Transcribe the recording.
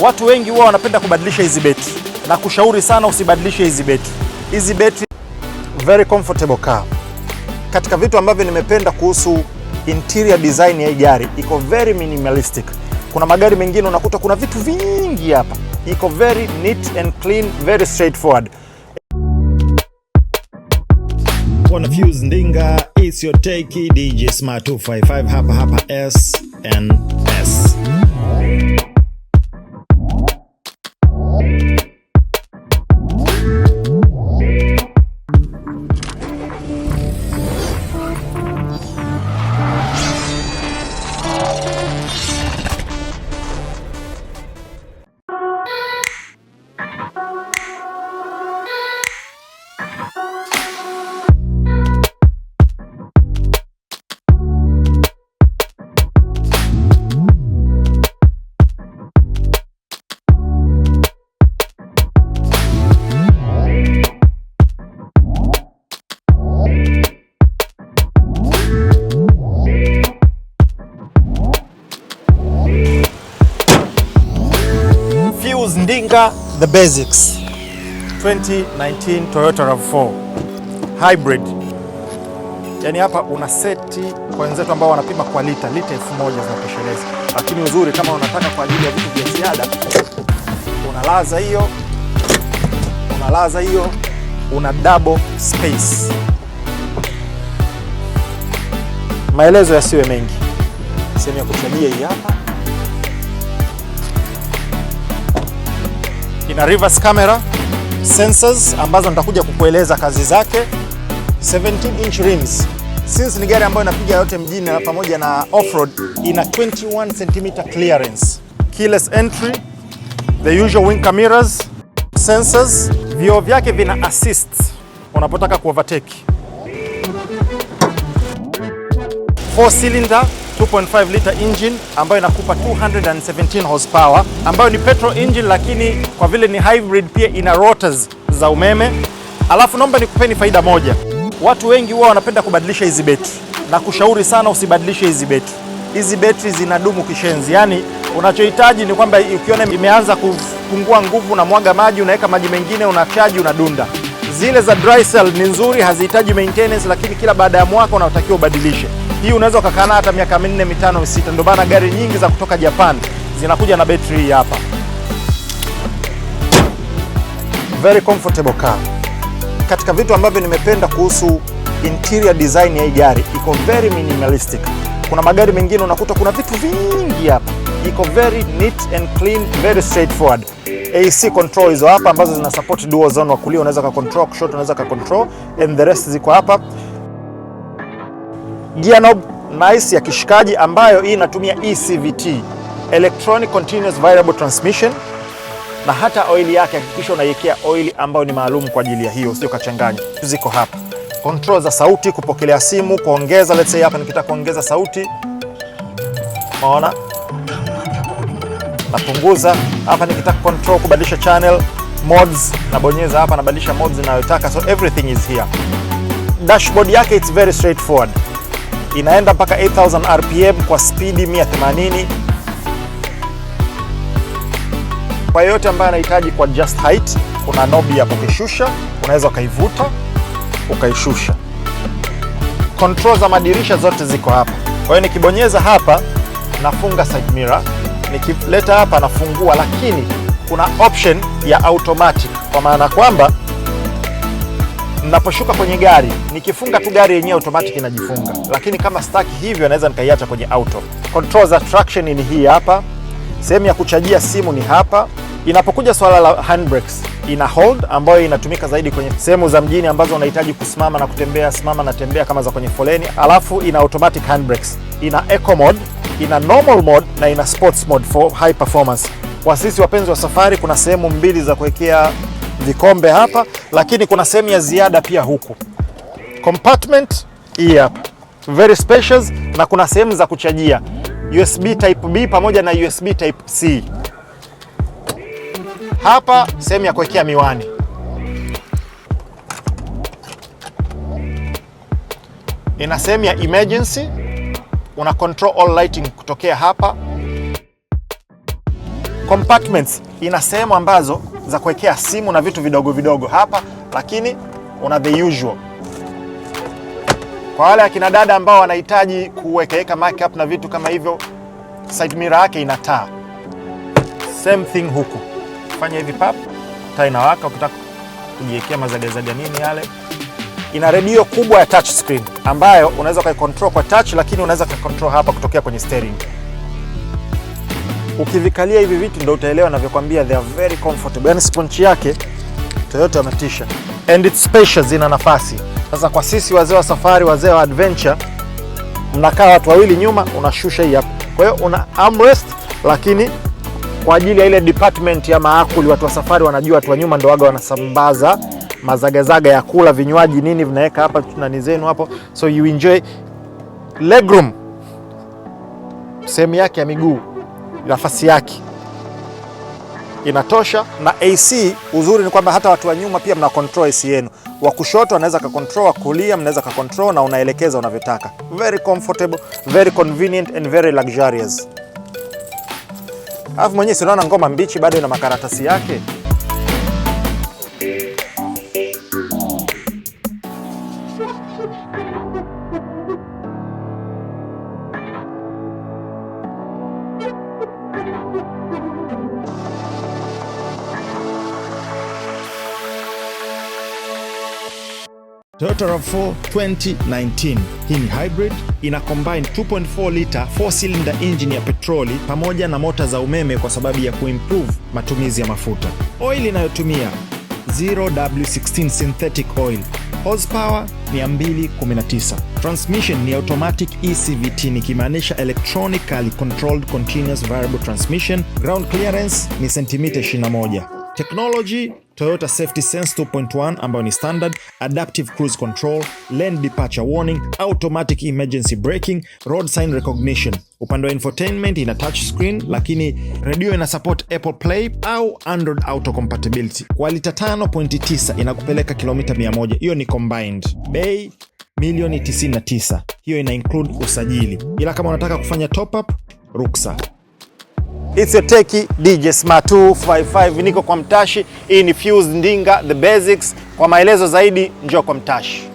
Watu wengi huwa wanapenda kubadilisha hizi beti, na kushauri sana usibadilishe hizi beti. Hizi beti very comfortable car. Katika vitu ambavyo nimependa kuhusu interior design ya hii gari, iko very minimalistic. Kuna magari mengine unakuta kuna vitu vingi, hapa iko very neat and clean, very straightforward. Fuse Ndinga, it's your take DJ Smart 255 hapa hapa S and S. Jules Ndinga, The Basics 2019 Toyota RAV4 Hybrid. Yaani hapa una seti kwa wenzetu ambao wanapima kwa lita lita 1000 zinatosheleza, lakini uzuri kama unataka kwa ajili ya vitu vya ziada unalaza hiyo unalaza hiyo una double space. Maelezo yasiwe mengi, sehemu ya kuchalia hii hapa ina reverse camera, sensors ambazo nitakuja kukueleza kazi zake, 17 inch rims. Since ni gari ambayo inapiga yote mjini na pamoja na off-road, ina 21 cm clearance, keyless entry, the usual wing cameras, sensors. Vioo vyake vina assist unapotaka overtake, 4 cylinder 2.5 liter engine ambayo inakupa 217 horsepower ambayo ni petrol engine, lakini kwa vile ni hybrid pia ina rotors za umeme. Alafu naomba nikupeni faida moja, watu wengi huwa wanapenda kubadilisha hizi betri, na kushauri sana usibadilishe hizi betri. Hizi betri zinadumu kishenzi, yaani unachohitaji ni kwamba ukiona imeanza kupungua nguvu, na mwaga maji, unaweka maji mengine, unachaji, unadunda. Zile za dry cell ni nzuri, hazihitaji maintenance, lakini kila baada ya mwaka unatakiwa ubadilishe. Hii unaweza ukakaa hata miaka minne mitano sita. Ndio maana gari nyingi za kutoka Japan zinakuja na betri hii hapa. Very comfortable car. Katika vitu ambavyo nimependa kuhusu interior design ya hii gari, iko very minimalistic. Kuna magari mengine unakuta kuna vitu vingi hapa, iko very neat and clean, very straightforward. AC control hizo hapa ambazo zina support dual zone, wa kulia unaweza ka control, kushoto unaweza ka control and the rest ziko hapa gear knob nice ya kishikaji ambayo hii inatumia ECVT, electronic continuous variable transmission, na hata oili yake hakikisha unaiwekea oili ambayo ni maalum kwa ajili ya hiyo, sio kachanganya. Ziko hapa control za sauti, kupokelea simu, kuongeza. Let's say hapa nikitaka kuongeza sauti, maona napunguza. Hapa nikitaka control, kubadilisha channel mods, nabonyeza hapa, nabadilisha mods ninayotaka, so everything is here. Dashboard yake it's very straightforward inaenda mpaka 8000 rpm kwa spidi 180. Kwa yote ambaye anahitaji kwa just height, kuna nobi ya kukishusha, unaweza ukaivuta ukaishusha. Control za madirisha zote ziko hapa. Kwa hiyo nikibonyeza hapa nafunga side mirror, nikileta hapa nafungua, lakini kuna option ya automatic kwa maana kwamba mnaposhuka kwenye gari, nikifunga tu gari yenyewe automatic inajifunga, lakini kama staki hivyo, naweza nikaiacha kwenye auto. Control za traction ni hii hapa, sehemu ya kuchajia simu ni hapa. Inapokuja swala la handbrakes, ina hold ambayo inatumika zaidi kwenye sehemu za mjini ambazo unahitaji kusimama na kutembea, simama na tembea, kama za kwenye foleni. Alafu ina automatic handbrakes, ina eco mode, ina normal mode na ina sports mode for high performance. Kwa sisi wapenzi wa safari, kuna sehemu mbili za kuwekea vikombe hapa lakini kuna sehemu ya ziada pia huku. Compartment hii hapa very spacious, na kuna sehemu za kuchajia USB type B pamoja na USB type C. Hapa sehemu ya kuwekea miwani. Ina sehemu ya emergency, una control all lighting kutokea hapa. Compartments ina sehemu ambazo za kuwekea simu na vitu vidogo vidogo hapa, lakini una the usual. Kwa wale akina dada ambao wanahitaji kuwekeeka makeup na vitu kama hivyo, side mirror yake ina taa. Same thing huku, fanya hivi pap, taa inawaka. Ukitaka kujiwekea mazagazaga nini yale, ina redio kubwa ya touch screen ambayo unaweza ukaicontrol kwa touch, lakini unaweza ukaicontrol hapa kutokea kwenye steering. Ukivikalia hivi vitu ndio utaelewa ninavyokuambia, they are very comfortable. Yani sponge yake Toyota ametisha, and it's spacious, ina nafasi. Sasa kwa sisi wazee wa safari, wazee wa adventure, mnakaa watu wawili nyuma, unashusha hii hapa. Kwa hiyo una armrest, lakini kwa ajili ya ile department ya maakuli, watu wa safari wanajua, watu wa nyuma ndio waga wanasambaza mazagazaga ya kula, vinywaji, nini, vinaweka hapa nani zenu hapo, so you enjoy legroom, sehemu yake ya miguu nafasi yake inatosha, na AC uzuri ni kwamba hata watu wa nyuma pia mna control AC yenu, wa kushoto anaweza ka control, wa kulia mnaweza ka control na unaelekeza unavyotaka. Very comfortable, very convenient and very luxurious. Alafu mwenyewe sinaona ngoma mbichi bado ina makaratasi yake. Toyota RAV4 2019. Hii ni hybrid, ina combine 2.4 liter 4 cylinder engine ya petroli pamoja na mota za umeme kwa sababu ya kuimprove matumizi ya mafuta. Oil inayotumia 0W16 synthetic oil. Horsepower 219. Transmission ni automatic ECVT nikimaanisha electronically controlled continuous variable transmission. Ground clearance ni sentimita 21. Technology Toyota Safety Sense 2.1 ambayo ni standard, adaptive cruise control, lane departure warning, automatic emergency braking, road sign recognition. Upande wa infotainment ina touch screen, lakini redio ina support Apple Play au Android Auto compatibility. Kwa lita 5.9 inakupeleka kilomita 100. Hiyo ni combined. Bei milioni 99. Hiyo ina include usajili, ila kama unataka kufanya top up, ruksa. It's your techie DJ Smart 255, niko kwa Mtashi. Hii ni Fuse Ndinga the basics. Kwa maelezo zaidi njoo kwa Mtashi.